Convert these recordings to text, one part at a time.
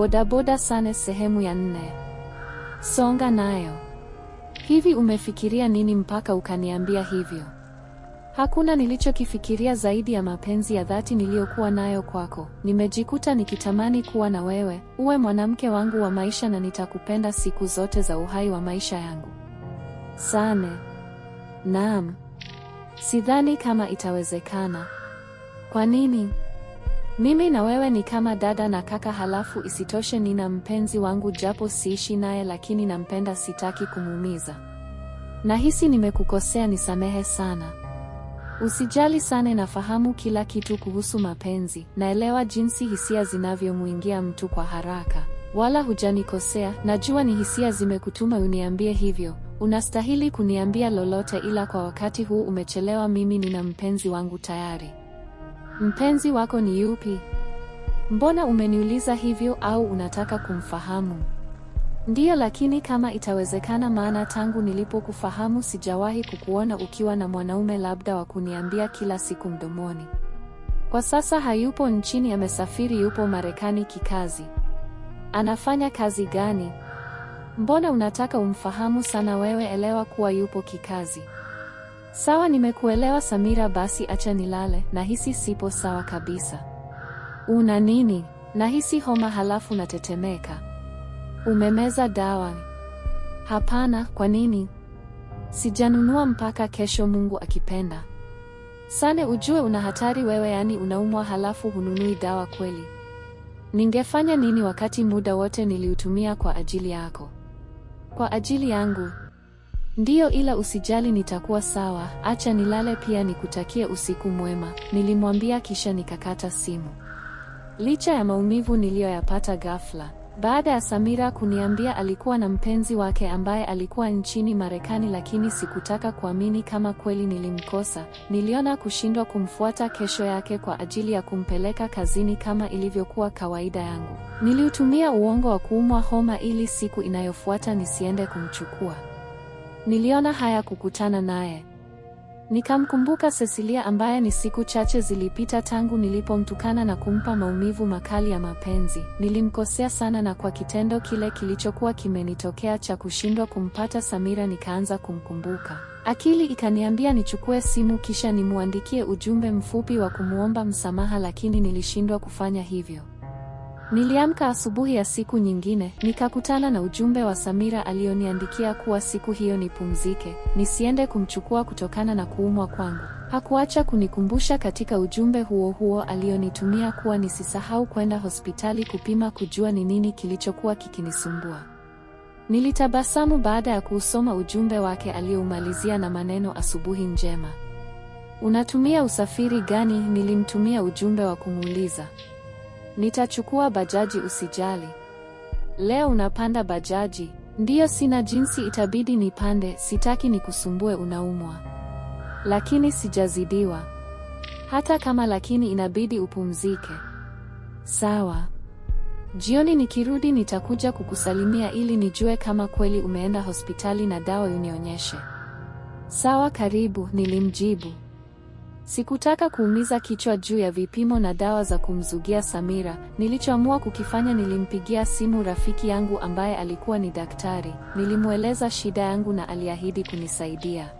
Bodaboda Sane sehemu ya nne. Songa nayo. Hivi umefikiria nini mpaka ukaniambia hivyo? Hakuna nilichokifikiria zaidi ya mapenzi ya dhati niliyokuwa nayo kwako. Nimejikuta nikitamani kuwa na wewe, uwe mwanamke wangu wa maisha na nitakupenda siku zote za uhai wa maisha yangu. Sane. Naam. Sidhani kama itawezekana. Kwa nini? Mimi na wewe ni kama dada na kaka, halafu isitoshe nina mpenzi wangu, japo siishi naye, lakini nampenda, sitaki kumuumiza. Nahisi nimekukosea, nisamehe sana. Usijali sana, nafahamu kila kitu kuhusu mapenzi, naelewa jinsi hisia zinavyomwingia mtu kwa haraka. Wala hujanikosea, najua ni hisia zimekutuma uniambie hivyo. Unastahili kuniambia lolote, ila kwa wakati huu umechelewa. Mimi nina mpenzi wangu tayari. Mpenzi wako ni yupi? Mbona umeniuliza hivyo au unataka kumfahamu? Ndiyo, lakini kama itawezekana, maana tangu nilipokufahamu sijawahi kukuona ukiwa na mwanaume, labda wa kuniambia kila siku mdomoni. Kwa sasa hayupo nchini, amesafiri, yupo Marekani kikazi. Anafanya kazi gani? Mbona unataka umfahamu sana wewe? Elewa kuwa yupo kikazi. Sawa, nimekuelewa Samira, basi acha nilale, nahisi sipo sawa kabisa. Una nini? Nahisi homa halafu natetemeka. Umemeza dawa? Hapana. Kwa nini? Sijanunua mpaka kesho, Mungu akipenda. Sane, ujue una hatari wewe, yaani unaumwa halafu hununui dawa kweli? Ningefanya nini wakati muda wote niliutumia kwa ajili yako? Kwa ajili yangu? Ndiyo, ila usijali, nitakuwa sawa. Acha nilale pia, nikutakie usiku mwema, nilimwambia kisha nikakata simu. Licha ya maumivu niliyoyapata ghafla baada ya Samira kuniambia alikuwa na mpenzi wake ambaye alikuwa nchini Marekani, lakini sikutaka kuamini kama kweli nilimkosa. Niliona kushindwa kumfuata kesho yake kwa ajili ya kumpeleka kazini kama ilivyokuwa kawaida yangu. Niliutumia uongo wa kuumwa homa ili siku inayofuata nisiende kumchukua. Niliona haya kukutana naye. Nikamkumbuka Cecilia ambaye ni siku chache zilipita tangu nilipomtukana na kumpa maumivu makali ya mapenzi. Nilimkosea sana na kwa kitendo kile kilichokuwa kimenitokea cha kushindwa kumpata Samira nikaanza kumkumbuka. Akili ikaniambia nichukue simu kisha nimwandikie ujumbe mfupi wa kumwomba msamaha lakini nilishindwa kufanya hivyo. Niliamka asubuhi ya siku nyingine, nikakutana na ujumbe wa Samira alioniandikia kuwa siku hiyo nipumzike, nisiende kumchukua kutokana na kuumwa kwangu. Hakuacha kunikumbusha katika ujumbe huo huo alionitumia kuwa nisisahau kwenda hospitali kupima kujua ni nini kilichokuwa kikinisumbua. Nilitabasamu baada ya kuusoma ujumbe wake alioumalizia na maneno asubuhi njema. Unatumia usafiri gani? Nilimtumia ujumbe wa kumuuliza. Nitachukua bajaji usijali. Leo unapanda bajaji? Ndiyo, sina jinsi, itabidi nipande. Sitaki nikusumbue, unaumwa. Lakini sijazidiwa. Hata kama lakini inabidi upumzike. Sawa. Jioni nikirudi nitakuja kukusalimia ili nijue kama kweli umeenda hospitali na dawa unionyeshe. Sawa, karibu, nilimjibu. Sikutaka kuumiza kichwa juu ya vipimo na dawa za kumzugia Samira. Nilichoamua kukifanya, nilimpigia simu rafiki yangu ambaye alikuwa ni daktari. Nilimweleza shida yangu na aliahidi kunisaidia.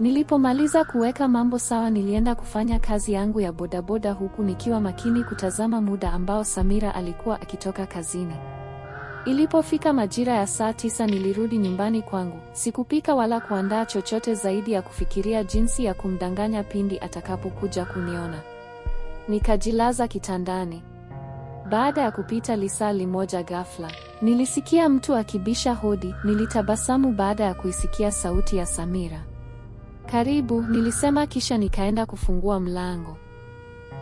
Nilipomaliza kuweka mambo sawa, nilienda kufanya kazi yangu ya bodaboda huku nikiwa makini kutazama muda ambao Samira alikuwa akitoka kazini. Ilipofika majira ya saa tisa nilirudi nyumbani kwangu. Sikupika wala kuandaa chochote zaidi ya kufikiria jinsi ya kumdanganya pindi atakapokuja kuniona. Nikajilaza kitandani. Baada ya kupita lisaa limoja ghafla, nilisikia mtu akibisha hodi. Nilitabasamu baada ya kuisikia sauti ya Samira. Karibu, nilisema kisha nikaenda kufungua mlango.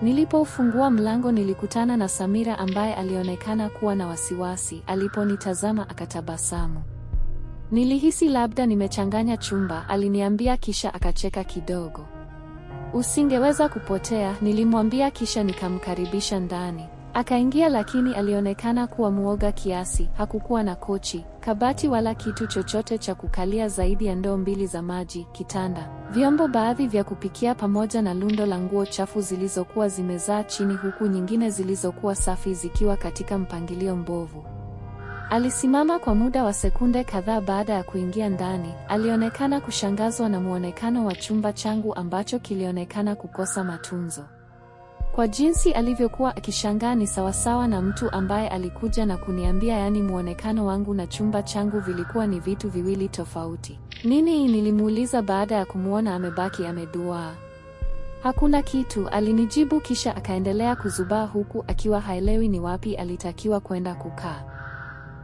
Nilipofungua mlango nilikutana na Samira ambaye alionekana kuwa na wasiwasi. Aliponitazama akatabasamu. Nilihisi labda nimechanganya chumba, aliniambia kisha akacheka kidogo. Usingeweza kupotea, nilimwambia kisha nikamkaribisha ndani. Akaingia lakini alionekana kuwa mwoga kiasi. Hakukuwa na kochi, kabati wala kitu chochote cha kukalia zaidi ya ndoo mbili za maji, kitanda, vyombo baadhi vya kupikia pamoja na lundo la nguo chafu zilizokuwa zimezaa chini huku nyingine zilizokuwa safi zikiwa katika mpangilio mbovu. Alisimama kwa muda wa sekunde kadhaa baada ya kuingia ndani. Alionekana kushangazwa na muonekano wa chumba changu ambacho kilionekana kukosa matunzo. Kwa jinsi alivyokuwa akishangaa ni sawasawa na mtu ambaye alikuja na kuniambia yaani muonekano wangu na chumba changu vilikuwa ni vitu viwili tofauti. Nini? Nilimuuliza baada ya kumwona amebaki ameduaa. Hakuna kitu, alinijibu kisha akaendelea kuzubaa huku akiwa haelewi ni wapi alitakiwa kwenda kukaa.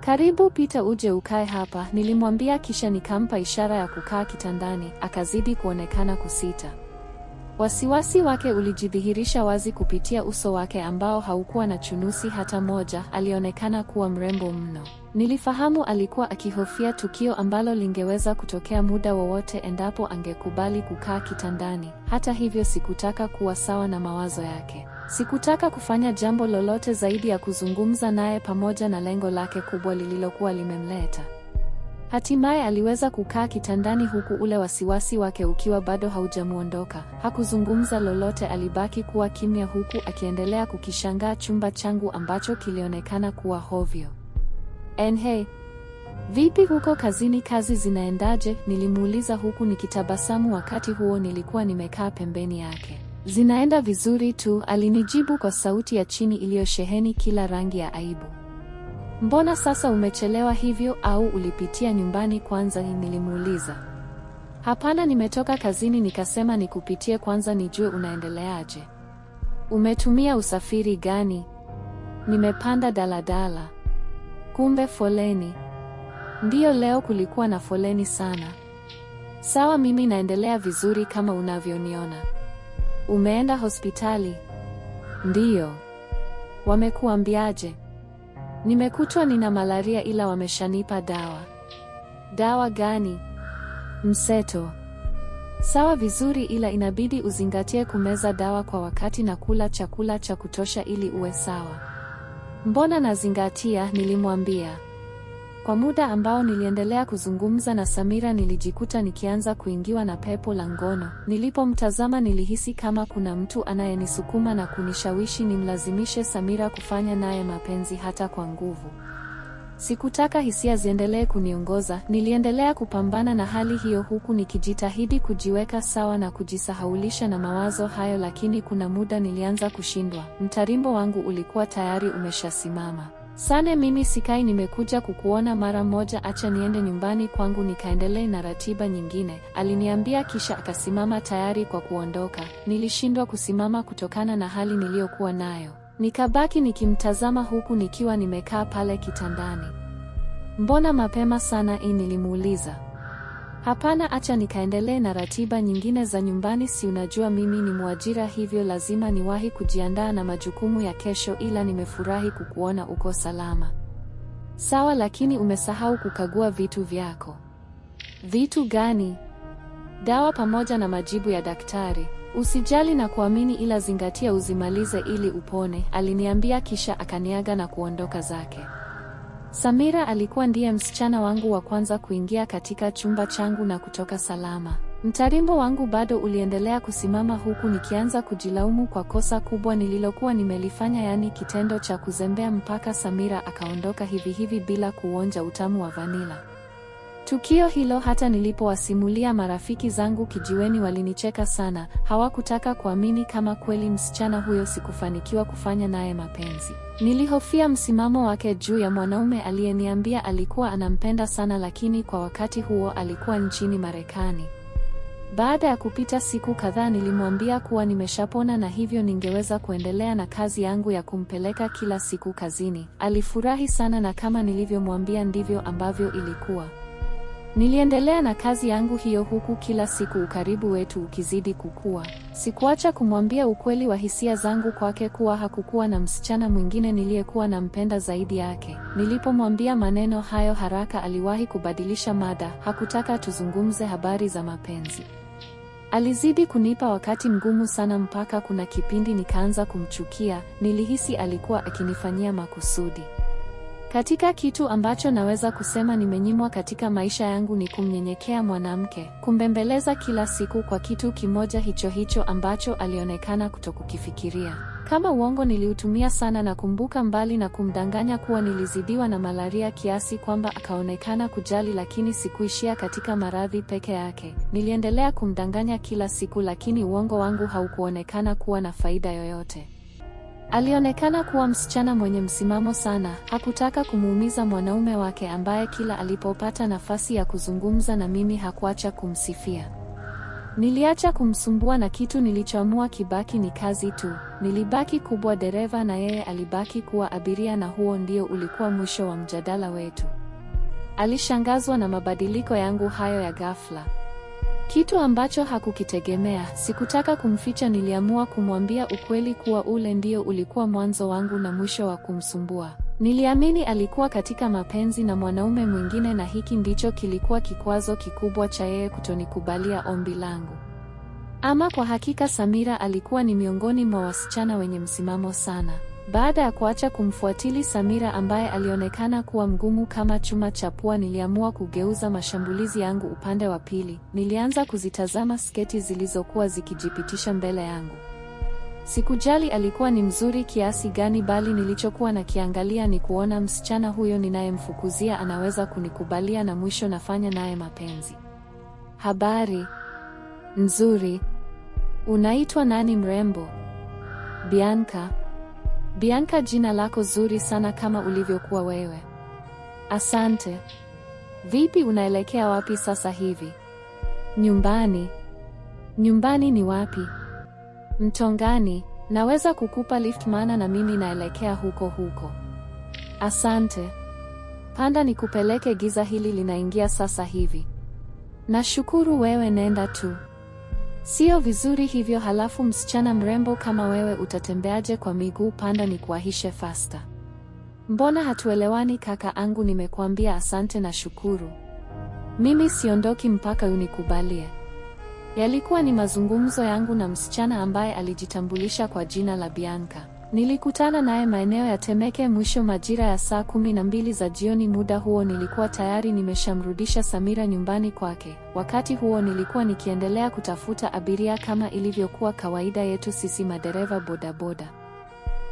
Karibu Pita, uje ukae hapa, nilimwambia kisha nikampa ishara ya kukaa kitandani, akazidi kuonekana kusita. Wasiwasi wake ulijidhihirisha wazi kupitia uso wake ambao haukuwa na chunusi hata moja. Alionekana kuwa mrembo mno. Nilifahamu alikuwa akihofia tukio ambalo lingeweza kutokea muda wowote endapo angekubali kukaa kitandani. Hata hivyo, sikutaka kuwa sawa na mawazo yake. Sikutaka kufanya jambo lolote zaidi ya kuzungumza naye pamoja na lengo lake kubwa lililokuwa limemleta. Hatimaye aliweza kukaa kitandani huku ule wasiwasi wake ukiwa bado haujamwondoka. Hakuzungumza lolote, alibaki kuwa kimya huku akiendelea kukishangaa chumba changu ambacho kilionekana kuwa hovyo. Enhe, vipi huko kazini, kazi zinaendaje? Nilimuuliza huku nikitabasamu, wakati huo nilikuwa nimekaa pembeni yake. Zinaenda vizuri tu, alinijibu kwa sauti ya chini iliyosheheni kila rangi ya aibu. Mbona sasa umechelewa hivyo au ulipitia nyumbani kwanza? Nilimuuliza. Hapana, nimetoka kazini nikasema nikupitie kwanza nijue unaendeleaje. Umetumia usafiri gani? Nimepanda daladala. Kumbe foleni. Ndiyo, leo kulikuwa na foleni sana. Sawa, mimi naendelea vizuri kama unavyoniona. Umeenda hospitali? Ndiyo. Wamekuambiaje? Nimekutwa nina malaria ila wameshanipa dawa. Dawa gani? Mseto. Sawa vizuri ila inabidi uzingatie kumeza dawa kwa wakati na kula chakula cha kutosha ili uwe sawa. Mbona nazingatia, nilimwambia. Kwa muda ambao niliendelea kuzungumza na Samira nilijikuta nikianza kuingiwa na pepo la ngono. Nilipomtazama nilihisi kama kuna mtu anayenisukuma na kunishawishi nimlazimishe Samira kufanya naye mapenzi hata kwa nguvu. Sikutaka hisia ziendelee kuniongoza. Niliendelea kupambana na hali hiyo huku nikijitahidi kujiweka sawa na kujisahaulisha na mawazo hayo, lakini kuna muda nilianza kushindwa. Mtarimbo wangu ulikuwa tayari umeshasimama. Sane, mimi sikai, nimekuja kukuona mara moja, acha niende nyumbani kwangu nikaendelee na ratiba nyingine, aliniambia kisha akasimama tayari kwa kuondoka. Nilishindwa kusimama kutokana na hali niliyokuwa nayo, nikabaki nikimtazama huku nikiwa nimekaa pale kitandani. Mbona mapema sana hii? Nilimuuliza. Hapana, acha nikaendelee na ratiba nyingine za nyumbani. Si unajua mimi ni mwajira, hivyo lazima niwahi kujiandaa na majukumu ya kesho, ila nimefurahi kukuona uko salama. Sawa, lakini umesahau kukagua vitu vyako. Vitu gani? Dawa pamoja na majibu ya daktari. Usijali na kuamini, ila zingatia uzimalize ili upone, aliniambia kisha akaniaga na kuondoka zake. Samira alikuwa ndiye msichana wangu wa kwanza kuingia katika chumba changu na kutoka salama. Mtarimbo wangu bado uliendelea kusimama huku nikianza kujilaumu kwa kosa kubwa nililokuwa nimelifanya yaani kitendo cha kuzembea mpaka Samira akaondoka hivi hivi bila kuonja utamu wa vanila. Tukio hilo hata nilipowasimulia marafiki zangu kijiweni walinicheka sana, hawakutaka kuamini kama kweli msichana huyo sikufanikiwa kufanya naye mapenzi. Nilihofia msimamo wake juu ya mwanaume aliyeniambia alikuwa anampenda sana lakini kwa wakati huo alikuwa nchini Marekani. Baada ya kupita siku kadhaa nilimwambia kuwa nimeshapona na hivyo ningeweza kuendelea na kazi yangu ya kumpeleka kila siku kazini. Alifurahi sana na kama nilivyomwambia ndivyo ambavyo ilikuwa. Niliendelea na kazi yangu hiyo huku kila siku ukaribu wetu ukizidi kukua. Sikuacha kumwambia ukweli wa hisia zangu kwake kuwa hakukuwa na msichana mwingine niliyekuwa nampenda zaidi yake. Nilipomwambia maneno hayo haraka aliwahi kubadilisha mada, hakutaka tuzungumze habari za mapenzi. Alizidi kunipa wakati mgumu sana mpaka kuna kipindi nikaanza kumchukia, nilihisi alikuwa akinifanyia makusudi. Katika kitu ambacho naweza kusema nimenyimwa katika maisha yangu ni kumnyenyekea mwanamke, kumbembeleza kila siku kwa kitu kimoja hicho hicho ambacho alionekana kutokukifikiria. Kama uongo niliutumia sana na kumbuka mbali na kumdanganya kuwa nilizidiwa na malaria kiasi kwamba akaonekana kujali, lakini sikuishia katika maradhi peke yake. Niliendelea kumdanganya kila siku, lakini uongo wangu haukuonekana kuwa na faida yoyote. Alionekana kuwa msichana mwenye msimamo sana, hakutaka kumuumiza mwanaume wake ambaye kila alipopata nafasi ya kuzungumza na mimi hakuacha kumsifia. Niliacha kumsumbua na kitu nilichoamua kibaki ni kazi tu. Nilibaki kubwa dereva na yeye alibaki kuwa abiria na huo ndio ulikuwa mwisho wa mjadala wetu. Alishangazwa na mabadiliko yangu hayo ya ghafla. Kitu ambacho hakukitegemea. Sikutaka kumficha, niliamua kumwambia ukweli kuwa ule ndio ulikuwa mwanzo wangu na mwisho wa kumsumbua. Niliamini alikuwa katika mapenzi na mwanaume mwingine na hiki ndicho kilikuwa kikwazo kikubwa cha yeye kutonikubalia ombi langu. Ama kwa hakika Samira alikuwa ni miongoni mwa wasichana wenye msimamo sana. Baada ya kuacha kumfuatili Samira ambaye alionekana kuwa mgumu kama chuma cha pua, niliamua kugeuza mashambulizi yangu upande wa pili. Nilianza kuzitazama sketi zilizokuwa zikijipitisha mbele yangu. Sikujali alikuwa ni mzuri kiasi gani, bali nilichokuwa nakiangalia ni kuona msichana huyo ninayemfukuzia anaweza kunikubalia na mwisho nafanya naye mapenzi. Habari nzuri, unaitwa nani mrembo? Bianca. Bianca, jina lako zuri sana kama ulivyokuwa wewe. Asante. Vipi, unaelekea wapi sasa hivi? Nyumbani. Nyumbani ni wapi? Mtongani. Naweza kukupa lift maana na mimi naelekea huko huko. Asante. Panda nikupeleke, giza hili linaingia sasa hivi. Nashukuru, wewe nenda tu. Sio vizuri hivyo. Halafu msichana mrembo kama wewe utatembeaje kwa miguu? Panda ni kuahishe fasta. Mbona hatuelewani kaka angu? Nimekuambia asante na shukuru. Mimi siondoki mpaka unikubalie. Yalikuwa ni mazungumzo yangu na msichana ambaye alijitambulisha kwa jina la Bianca. Nilikutana naye maeneo ya Temeke mwisho majira ya saa kumi na mbili za jioni. Muda huo nilikuwa tayari nimeshamrudisha Samira nyumbani kwake. Wakati huo nilikuwa nikiendelea kutafuta abiria kama ilivyokuwa kawaida yetu sisi madereva bodaboda.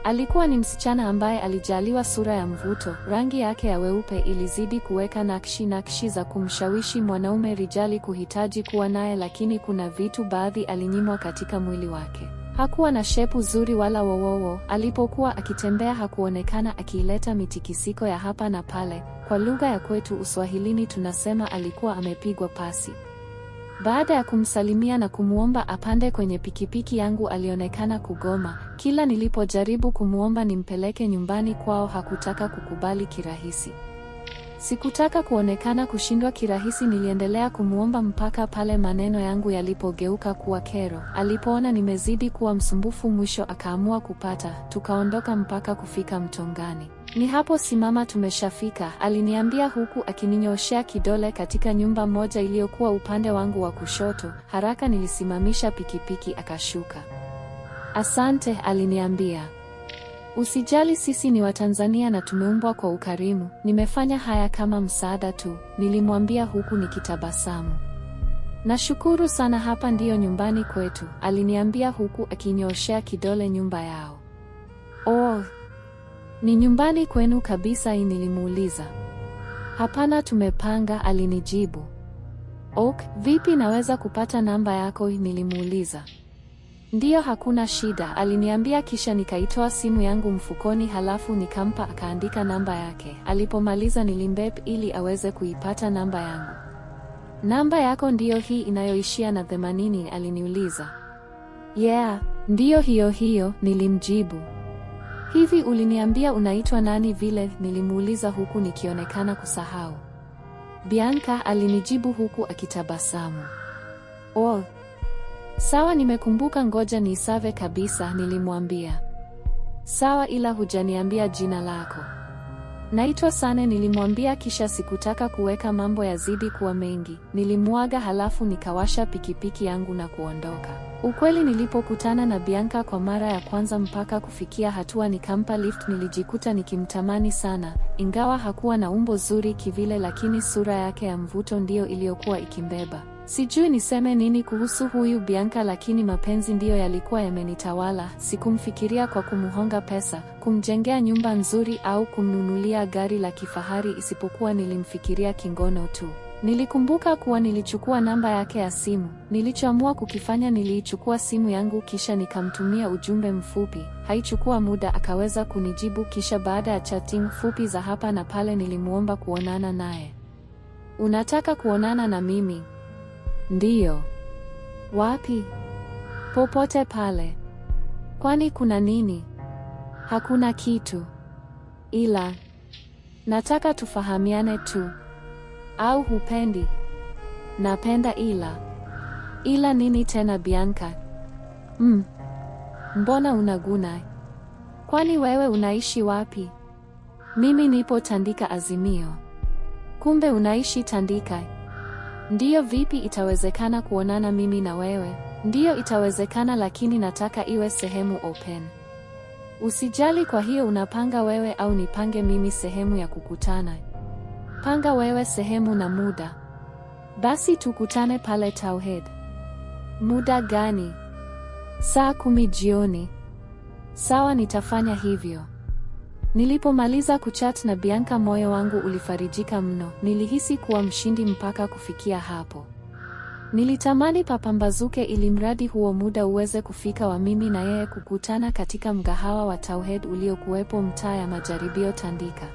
Alikuwa ni msichana ambaye alijaliwa sura ya mvuto. Rangi yake ya weupe ilizidi kuweka nakshi nakshi za kumshawishi mwanaume rijali kuhitaji kuwa naye, lakini kuna vitu baadhi alinyimwa katika mwili wake. Hakuwa na shepu zuri wala wowowo. Alipokuwa akitembea hakuonekana akiileta mitikisiko ya hapa na pale. Kwa lugha ya kwetu Uswahilini tunasema alikuwa amepigwa pasi. Baada ya kumsalimia na kumwomba apande kwenye pikipiki yangu alionekana kugoma. Kila nilipojaribu kumwomba nimpeleke nyumbani kwao hakutaka kukubali kirahisi. Sikutaka kuonekana kushindwa kirahisi. Niliendelea kumwomba mpaka pale maneno yangu yalipogeuka kuwa kero. Alipoona nimezidi kuwa msumbufu, mwisho akaamua kupata. Tukaondoka mpaka kufika Mtongani. Ni hapo simama, tumeshafika, aliniambia huku akininyoshea kidole katika nyumba moja iliyokuwa upande wangu wa kushoto. Haraka nilisimamisha pikipiki, akashuka. Asante, aliniambia. Usijali, sisi ni Watanzania na tumeumbwa kwa ukarimu. Nimefanya haya kama msaada tu, nilimwambia huku nikitabasamu. Nashukuru sana, hapa ndiyo nyumbani kwetu, aliniambia huku akinyooshea kidole nyumba yao. Oh, ni nyumbani kwenu kabisa? Nilimuuliza. Hapana, tumepanga, alinijibu. Ok, vipi naweza kupata namba yako? Nilimuuliza. Ndiyo, hakuna shida, aliniambia kisha nikaitoa simu yangu mfukoni, halafu nikampa, akaandika namba yake. Alipomaliza nilimbep ili aweze kuipata namba yangu. Namba yako ndiyo hii inayoishia na themanini? aliniuliza. Yeah, ndiyo hiyo hiyo, nilimjibu. Hivi uliniambia unaitwa nani vile? nilimuuliza huku nikionekana kusahau. Bianca, alinijibu huku akitabasamu. Oh, Sawa, nimekumbuka, ngoja ni save kabisa, nilimwambia. Sawa, ila hujaniambia jina lako. Naitwa Sane, nilimwambia, kisha sikutaka kuweka mambo yazidi kuwa mengi. Nilimwaga halafu nikawasha pikipiki yangu na kuondoka. Ukweli, nilipokutana na Bianca kwa mara ya kwanza mpaka kufikia hatua nikampa lift, nilijikuta nikimtamani sana, ingawa hakuwa na umbo zuri kivile, lakini sura yake ya mvuto ndiyo iliyokuwa ikimbeba. Sijui niseme nini kuhusu huyu Bianca lakini mapenzi ndiyo yalikuwa yamenitawala. Sikumfikiria kwa kumuhonga pesa, kumjengea nyumba nzuri au kumnunulia gari la kifahari isipokuwa nilimfikiria kingono tu. Nilikumbuka kuwa nilichukua namba yake ya simu. Nilichoamua kukifanya niliichukua simu yangu kisha nikamtumia ujumbe mfupi. Haichukua muda akaweza kunijibu kisha baada ya chatting fupi za hapa na pale nilimwomba kuonana naye. Unataka kuonana na mimi? Ndiyo. Wapi? Popote pale. Kwani kuna nini? Hakuna kitu. Ila nataka tufahamiane tu. Au hupendi? Napenda ila. Ila nini tena Bianca? Mm. Mbona unaguna? Kwani wewe unaishi wapi? Mimi nipo Tandika Azimio. Kumbe unaishi Tandika. Ndiyo, vipi itawezekana kuonana mimi na wewe? Ndiyo, itawezekana, lakini nataka iwe sehemu open. Usijali. Kwa hiyo unapanga wewe au nipange mimi sehemu ya kukutana? Panga wewe sehemu na muda. Basi tukutane pale Tauhid. Muda gani? Saa kumi jioni. Sawa, nitafanya hivyo. Nilipomaliza kuchat na Bianca moyo wangu ulifarijika mno. Nilihisi kuwa mshindi mpaka kufikia hapo. Nilitamani papambazuke ili mradi huo muda uweze kufika wa mimi na yeye kukutana katika mgahawa wa Tauhid uliokuwepo mtaa ya Majaribio Tandika.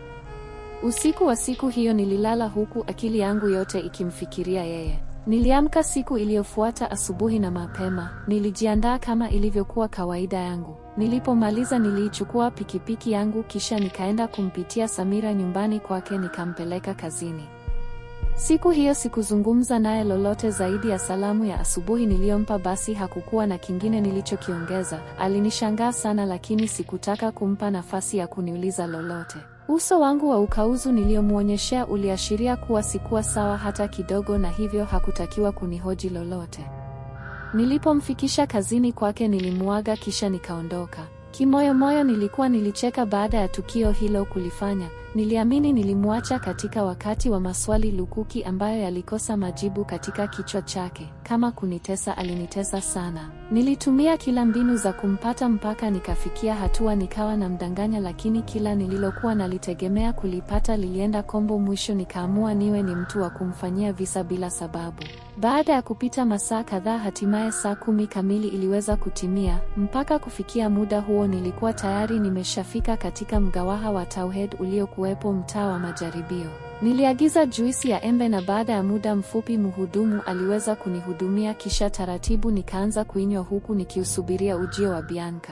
Usiku wa siku hiyo nililala huku akili yangu yote ikimfikiria yeye. Niliamka siku iliyofuata asubuhi na mapema, nilijiandaa kama ilivyokuwa kawaida yangu. Nilipomaliza niliichukua pikipiki yangu kisha nikaenda kumpitia Samira nyumbani kwake nikampeleka kazini. Siku hiyo sikuzungumza naye lolote zaidi ya salamu ya asubuhi niliyompa basi hakukuwa na kingine nilichokiongeza. Alinishangaa sana lakini sikutaka kumpa nafasi ya kuniuliza lolote. Uso wangu wa ukauzu niliyomwonyeshea uliashiria kuwa sikuwa sawa hata kidogo na hivyo hakutakiwa kunihoji lolote. Nilipomfikisha kazini kwake nilimuaga kisha nikaondoka. Kimoyomoyo nilikuwa nilicheka baada ya tukio hilo kulifanya Niliamini nilimwacha katika wakati wa maswali lukuki ambayo yalikosa majibu katika kichwa chake. Kama kunitesa, alinitesa sana. Nilitumia kila mbinu za kumpata mpaka nikafikia hatua nikawa na mdanganya, lakini kila nililokuwa nalitegemea kulipata lilienda kombo. Mwisho nikaamua niwe ni mtu wa kumfanyia visa bila sababu. Baada ya kupita masaa kadhaa, hatimaye saa kumi kamili iliweza kutimia. Mpaka kufikia muda huo nilikuwa tayari nimeshafika katika mgawaha wa Tauhid uliokuwa kuwepo mtaa wa majaribio. Niliagiza juisi ya embe na baada ya muda mfupi mhudumu aliweza kunihudumia kisha taratibu nikaanza kuinywa huku nikiusubiria ujio wa Bianca.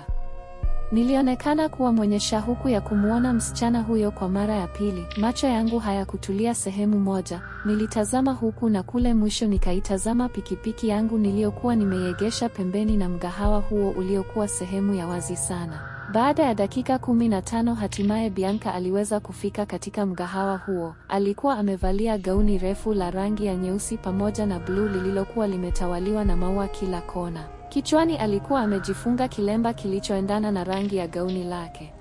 Nilionekana kuwa mwenye shauku ya kumwona msichana huyo kwa mara ya pili. Macho yangu hayakutulia sehemu moja, nilitazama huku na kule, mwisho nikaitazama pikipiki yangu niliyokuwa nimeiegesha pembeni na mgahawa huo uliokuwa sehemu ya wazi sana. Baada ya dakika kumi na tano hatimaye Bianca aliweza kufika katika mgahawa huo. Alikuwa amevalia gauni refu la rangi ya nyeusi pamoja na bluu lililokuwa limetawaliwa na maua kila kona. Kichwani alikuwa amejifunga kilemba kilichoendana na rangi ya gauni lake.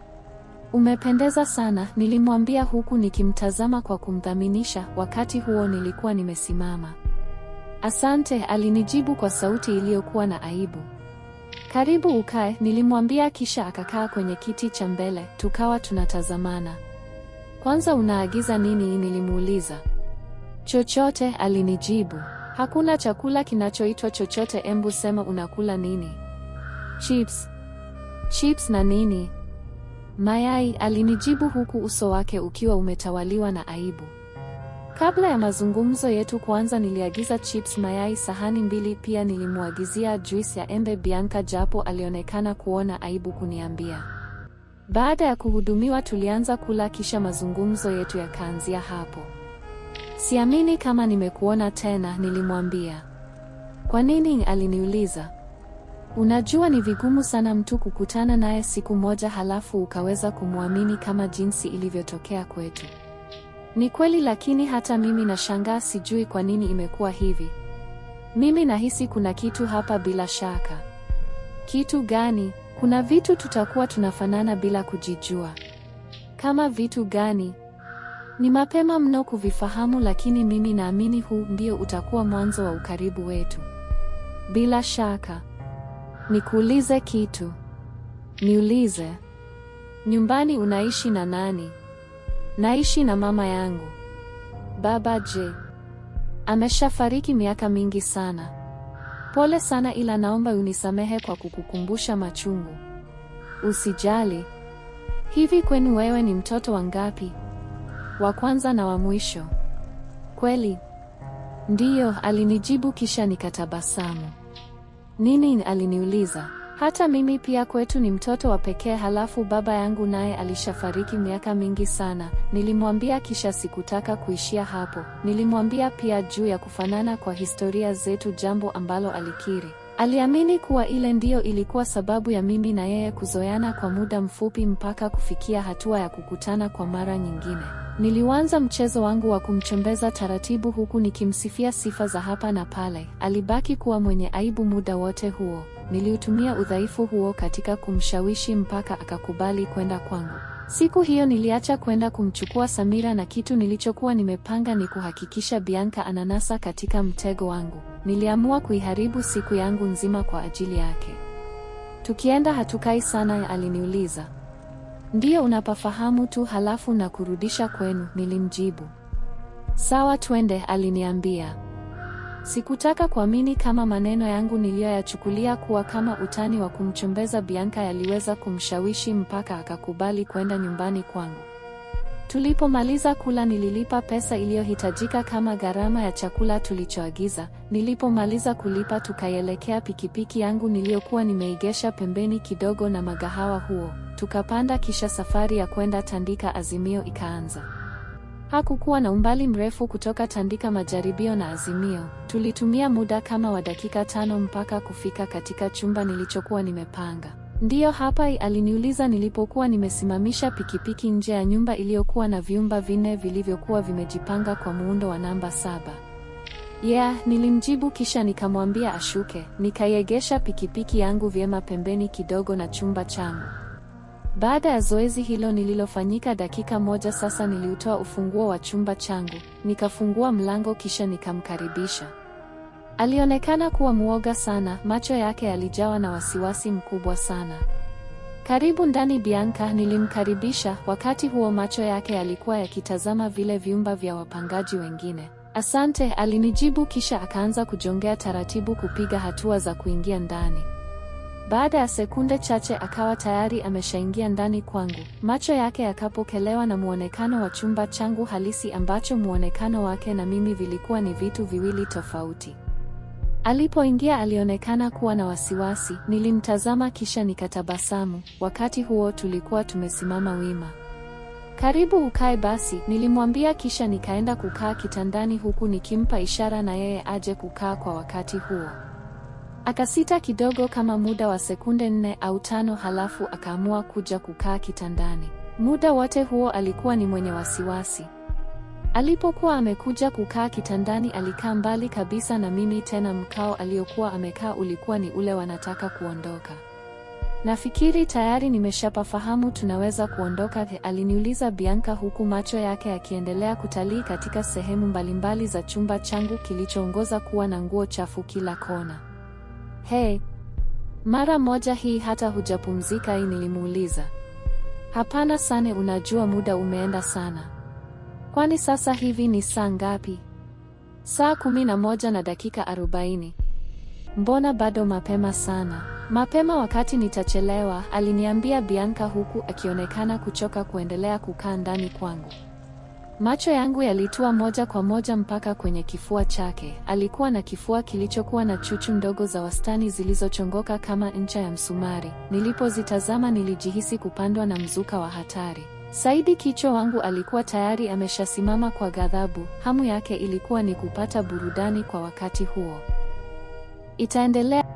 Umependeza sana, nilimwambia huku nikimtazama kwa kumdhaminisha, wakati huo nilikuwa nimesimama. Asante, alinijibu kwa sauti iliyokuwa na aibu. Karibu ukae, nilimwambia kisha akakaa kwenye kiti cha mbele, tukawa tunatazamana. Kwanza unaagiza nini? nilimuuliza. Chochote, alinijibu. Hakuna chakula kinachoitwa chochote, embu sema unakula nini? Chips. Chips na nini? Mayai, alinijibu huku uso wake ukiwa umetawaliwa na aibu. Kabla ya mazungumzo yetu kuanza, niliagiza chips, mayai, sahani mbili. Pia nilimwagizia juisi ya embe Bianca, japo alionekana kuona aibu kuniambia. Baada ya kuhudumiwa, tulianza kula, kisha mazungumzo yetu yakaanzia hapo. Siamini kama nimekuona tena, nilimwambia. Kwa nini? aliniuliza. Unajua, ni vigumu sana mtu kukutana naye siku moja halafu ukaweza kumwamini kama jinsi ilivyotokea kwetu. Ni kweli lakini hata mimi nashangaa sijui kwa nini imekuwa hivi. Mimi nahisi kuna kitu hapa bila shaka. Kitu gani? Kuna vitu tutakuwa tunafanana bila kujijua. Kama vitu gani? Ni mapema mno kuvifahamu lakini mimi naamini huu ndio utakuwa mwanzo wa ukaribu wetu. Bila shaka. Nikuulize kitu. Niulize. Nyumbani unaishi na nani? Naishi na mama yangu. Baba je? Ameshafariki miaka mingi sana. Pole sana ila naomba unisamehe kwa kukukumbusha machungu. Usijali. Hivi kwenu wewe ni mtoto wa ngapi? Wa kwanza na wa mwisho. Kweli? Ndiyo, alinijibu kisha nikatabasamu. Nini aliniuliza? Hata mimi pia kwetu ni mtoto wa pekee, halafu baba yangu naye alishafariki miaka mingi sana. Nilimwambia kisha sikutaka kuishia hapo. Nilimwambia pia juu ya kufanana kwa historia zetu, jambo ambalo alikiri. Aliamini kuwa ile ndiyo ilikuwa sababu ya mimi na yeye kuzoeana kwa muda mfupi mpaka kufikia hatua ya kukutana kwa mara nyingine. Niliuanza mchezo wangu wa kumchembeza taratibu huku nikimsifia sifa za hapa na pale. Alibaki kuwa mwenye aibu muda wote huo. Niliutumia udhaifu huo katika kumshawishi mpaka akakubali kwenda kwangu. Siku hiyo niliacha kwenda kumchukua Samira na kitu nilichokuwa nimepanga ni kuhakikisha Bianca ananasa katika mtego wangu. Niliamua kuiharibu siku yangu nzima kwa ajili yake. Tukienda hatukai sana, aliniuliza. Ndiyo, unapafahamu tu halafu na kurudisha kwenu, nilimjibu. Sawa, twende, aliniambia. Sikutaka kuamini kama maneno yangu niliyoyachukulia kuwa kama utani wa kumchombeza Bianca yaliweza kumshawishi mpaka akakubali kwenda nyumbani kwangu. Tulipomaliza kula nililipa pesa iliyohitajika kama gharama ya chakula tulichoagiza. Nilipomaliza kulipa tukaielekea pikipiki yangu niliyokuwa nimeigesha pembeni kidogo na magahawa huo, tukapanda kisha safari ya kwenda Tandika Azimio ikaanza. Hakukuwa na umbali mrefu kutoka Tandika Majaribio na Azimio. Tulitumia muda kama wa dakika tano mpaka kufika katika chumba nilichokuwa nimepanga. Ndiyo hapa aliniuliza nilipokuwa nimesimamisha pikipiki nje ya nyumba iliyokuwa na vyumba vinne vilivyokuwa vimejipanga kwa muundo wa namba saba. Yeah, nilimjibu kisha nikamwambia ashuke. Nikaiegesha pikipiki yangu vyema pembeni kidogo na chumba changu. Baada ya zoezi hilo nililofanyika dakika moja sasa, niliutoa ufunguo wa chumba changu, nikafungua mlango kisha nikamkaribisha. Alionekana kuwa mwoga sana, macho yake yalijawa na wasiwasi mkubwa sana. Karibu ndani Bianca, nilimkaribisha. Wakati huo macho yake yalikuwa yakitazama vile vyumba vya wapangaji wengine. Asante, alinijibu kisha akaanza kujongea taratibu kupiga hatua za kuingia ndani. Baada ya sekunde chache akawa tayari ameshaingia ndani kwangu. Macho yake yakapokelewa na muonekano wa chumba changu halisi ambacho muonekano wake na mimi vilikuwa ni vitu viwili tofauti. Alipoingia alionekana kuwa na wasiwasi. Nilimtazama kisha nikatabasamu. Wakati huo tulikuwa tumesimama wima. Karibu ukae basi, nilimwambia kisha nikaenda kukaa kitandani huku nikimpa ishara na yeye aje kukaa kwa wakati huo. Akasita kidogo kama muda wa sekunde nne au tano halafu akaamua kuja kukaa kitandani. Muda wote huo alikuwa ni mwenye wasiwasi. Alipokuwa amekuja kukaa kitandani alikaa mbali kabisa na mimi tena mkao aliokuwa amekaa ulikuwa ni ule wanataka kuondoka. Nafikiri tayari nimeshapafahamu tunaweza kuondoka, aliniuliza Bianca huku macho yake yakiendelea kutalii katika sehemu mbalimbali za chumba changu kilichoongoza kuwa na nguo chafu kila kona. Hey, mara moja hii hata hujapumzika hii nilimuuliza. Hapana Sane, unajua muda umeenda sana. Kwani sasa hivi ni saa ngapi? Saa kumi na moja na dakika arobaini. Mbona bado mapema sana? Mapema wakati nitachelewa, aliniambia Bianca huku akionekana kuchoka kuendelea kukaa ndani kwangu. Macho yangu yalitua moja kwa moja mpaka kwenye kifua chake. Alikuwa na kifua kilichokuwa na chuchu ndogo za wastani zilizochongoka kama ncha ya msumari. Nilipozitazama nilijihisi kupandwa na mzuka wa hatari. Saidi kichwa wangu alikuwa tayari ameshasimama kwa ghadhabu. Hamu yake ilikuwa ni kupata burudani kwa wakati huo. Itaendelea.